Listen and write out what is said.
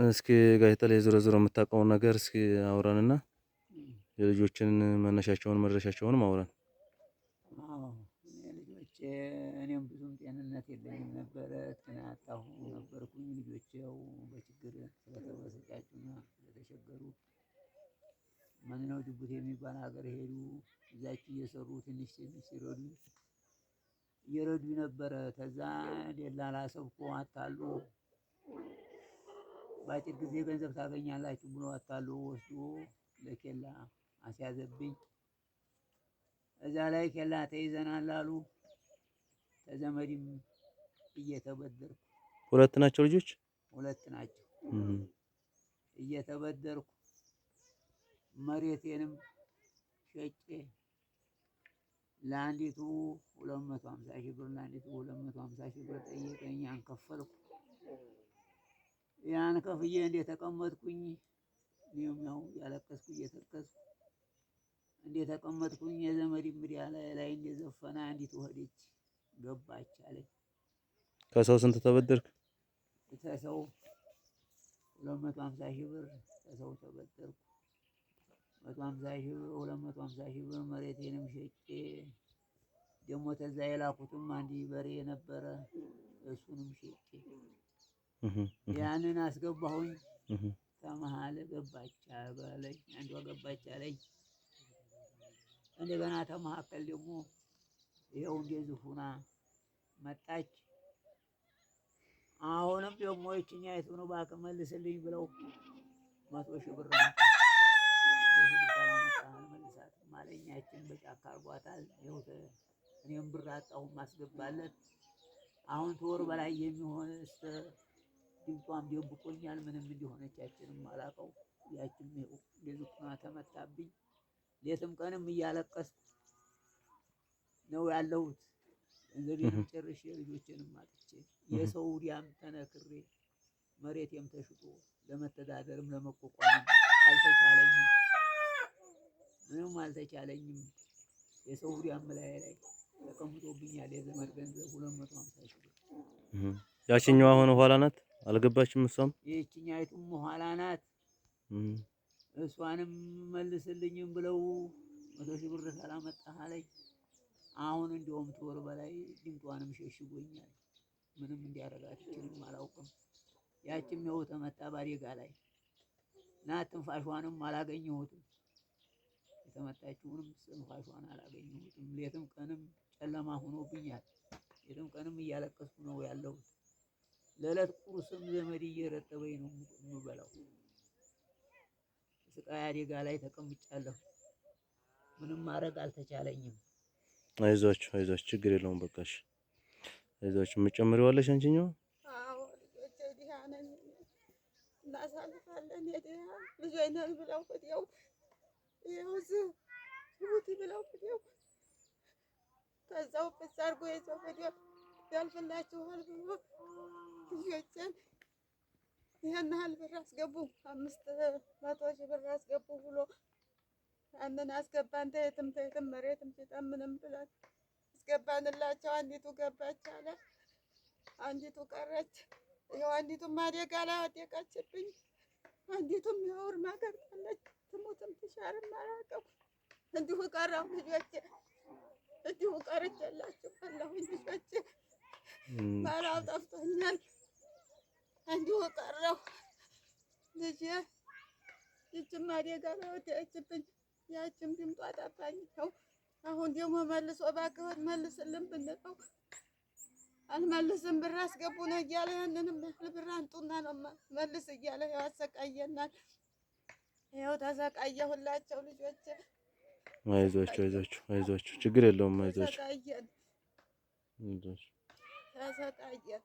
እስኪ ጋዜጣ ላይ ዞሮ ዞሮ የምታውቀውን ነገር እስኪ አውራንና የልጆችን መነሻቸውን መድረሻቸውንም አውራን። ልጆች እኔም ብዙም ጤንነት የለኝም ነበረ ትናጣሁ ነበርኩኝ። ልጆቼ ያው በችግር ስለተበሰጫጩና ስለተቸገሩ ጅቡቲ የሚባል ሀገር ሄዱ። እዛች እየሰሩ ትንሽ ትንሽ ሲረዱ እየረዱ ነበረ። ከዛ ደላላ ሰብኮ አታሉ በአጭር ጊዜ ገንዘብ ታገኛላችሁ ብሎ አታሉ ወስዶ ለኬላ አስያዘብኝ። እዛ ላይ ኬላ ተይዘናል አሉ። ተዘመድም እየተበደርኩ ሁለት ናቸው ልጆች ሁለት ናቸው እየተበደርኩ መሬቴንም ሸጬ ለአንዲቱ ሁለት መቶ ሺህ ብር ለአንዲቱ 250 ሺህ ብር ጠየቀኝ። አንከፈልኩ ያን ከፍዬ እንደተቀመጥኩኝ እኔም ያው ያለቀስኩ እየተከስኩ እንደተቀመጥኩኝ የዘመድ እንግዲህ ላይ ላይ እንደዘፈነ አንዲት ወህደች ገባች አለኝ። ከሰው ስንት ተበደርክ? ከሰው ሁለት መቶ ሀምሳ ሺህ ብር ከሰው ተበደርኩ። መቶ ሀምሳ ሺህ ብር ሁለት መቶ ሀምሳ ሺህ ብር መሬቴንም ሸጬ ደግሞ ተዛ የላኩትም አንድ በሬ ነበረ እሱንም ሸጬ ያንን አስገባሁኝ። ከመሀል ገባች አለኝ፣ አንዷ ገባች አለኝ። እንደገና ተመካከል ደግሞ ይኸው እንደዚህ ሁና መጣች። አሁንም ደግሞ ይችኛ የቱኑ እባክህ መልስልኝ ብለው መቶ ሺህ ብር መልሳት ማለኛችን በጫካ አርጓታል። እኔም ብር አጣሁ ማስገባለት አሁን ተወር በላይ የሚሆን ድምጿም ደብቆኛል። ምንም እንዲሆነች ያችንም አላቀው ያችም ይኸው እንደዚህ ቁና ተመታብኝ። ሌትም ቀንም እያለቀስኩ ነው ያለሁት። ገንዘቤንም ጨርሼ ልጆቼንም አጥቼ የሰው ዲያም ተነክሬ መሬቴም ተሽጦ ለመተዳደርም ለመቋቋም አልተቻለኝም። ምንም አልተቻለኝም። የሰው ዲያም ላይ ላይ ተቀምጦብኛል። የዘመድ ገንዘብ ሁለት መቶ ሀምሳ ሺህ ያችኛዋ ሆነ ኋላ ናት አልገባችም። እሷም ይህችኛይቱም ኋላ ናት። እሷንም መልስልኝም ብለው መቶ ሺህ ብር ካላመጣህ አለኝ። አሁን እንዲያውም ተወር በላይ ድምጧንም ሸሽጎኛል። ምንም ችልም አላውቅም። ያችም ያው ተመታ ባዴጋ ላይ ናት። ትንፋሿንም አላገኘሁትም። የተመታችውንም ትንፋሿን አላገኘሁትም። ሌትም ቀንም ጨለማ ሆኖብኛል። ሌትም ቀንም እያለቀስኩ ነው ያለሁት። ለዕለት ቁርስም ዘመድ እየረጠበኝ ነው የምበላው። ስቃይ አደጋ ላይ ተቀምጫለሁ። ምንም ማድረግ አልተቻለኝም። አይዞች አይዞች፣ ችግር የለውም። በቃሽ፣ አይዟችሁ። የምጨምሪዋለሽ አንቺኛው እናሳልፋለን። የድሃ ብዙ አይነት ብለው ፍትው ሙት ብለው ፍትው ከዛው ፍስ አድርጎ ፍትው ያልፍላችኋል ብሎ ልጆችን ይህን ያህል ብር አስገቡ፣ አምስት መቶ ሺህ ብር አስገቡ ብሎ ያንን አስገባን ተየትም ተየትም መሬትም ሽጠን ምንም ብለን አስገባንላቸው። አንዲቱ ገባች አለ፣ አንዲቱ ቀረች። ይኸው አንዲቱም አደጋ ላይ ወደቀችብኝ፣ አንዲቱም ይኸው እርማ ገብታለች። ትሙትም ትሻርም አላውቅም። እንዲሁ ቀረሁ ልጆቼ፣ እንዲሁ ቀርቼላችሁ ፈለሁኝ ልጆቼ፣ ማራው ጠፍቶኛል። እንዲሁ ቀረሁ። ልጄ ይችም አደጋ ወደቀችብኝ፣ ያችም ድምጧ ጠፋኝ። ይኸው አሁን ደግሞ መልሶ እባክህን መልስልን ብንለው አልመልስም ብር አስገቡ ነው እያለ ያንንም ያህል ብር አንጡና ነው መልስ እያለ ያው አሰቃየናል። ይኸው ተሰቃየ ሁላቸው ልጆች። አይዟችሁ አይዟችሁ አይዟችሁ፣ ችግር የለውም አይዟችሁ። ተሰቃየን ተሰቃየን።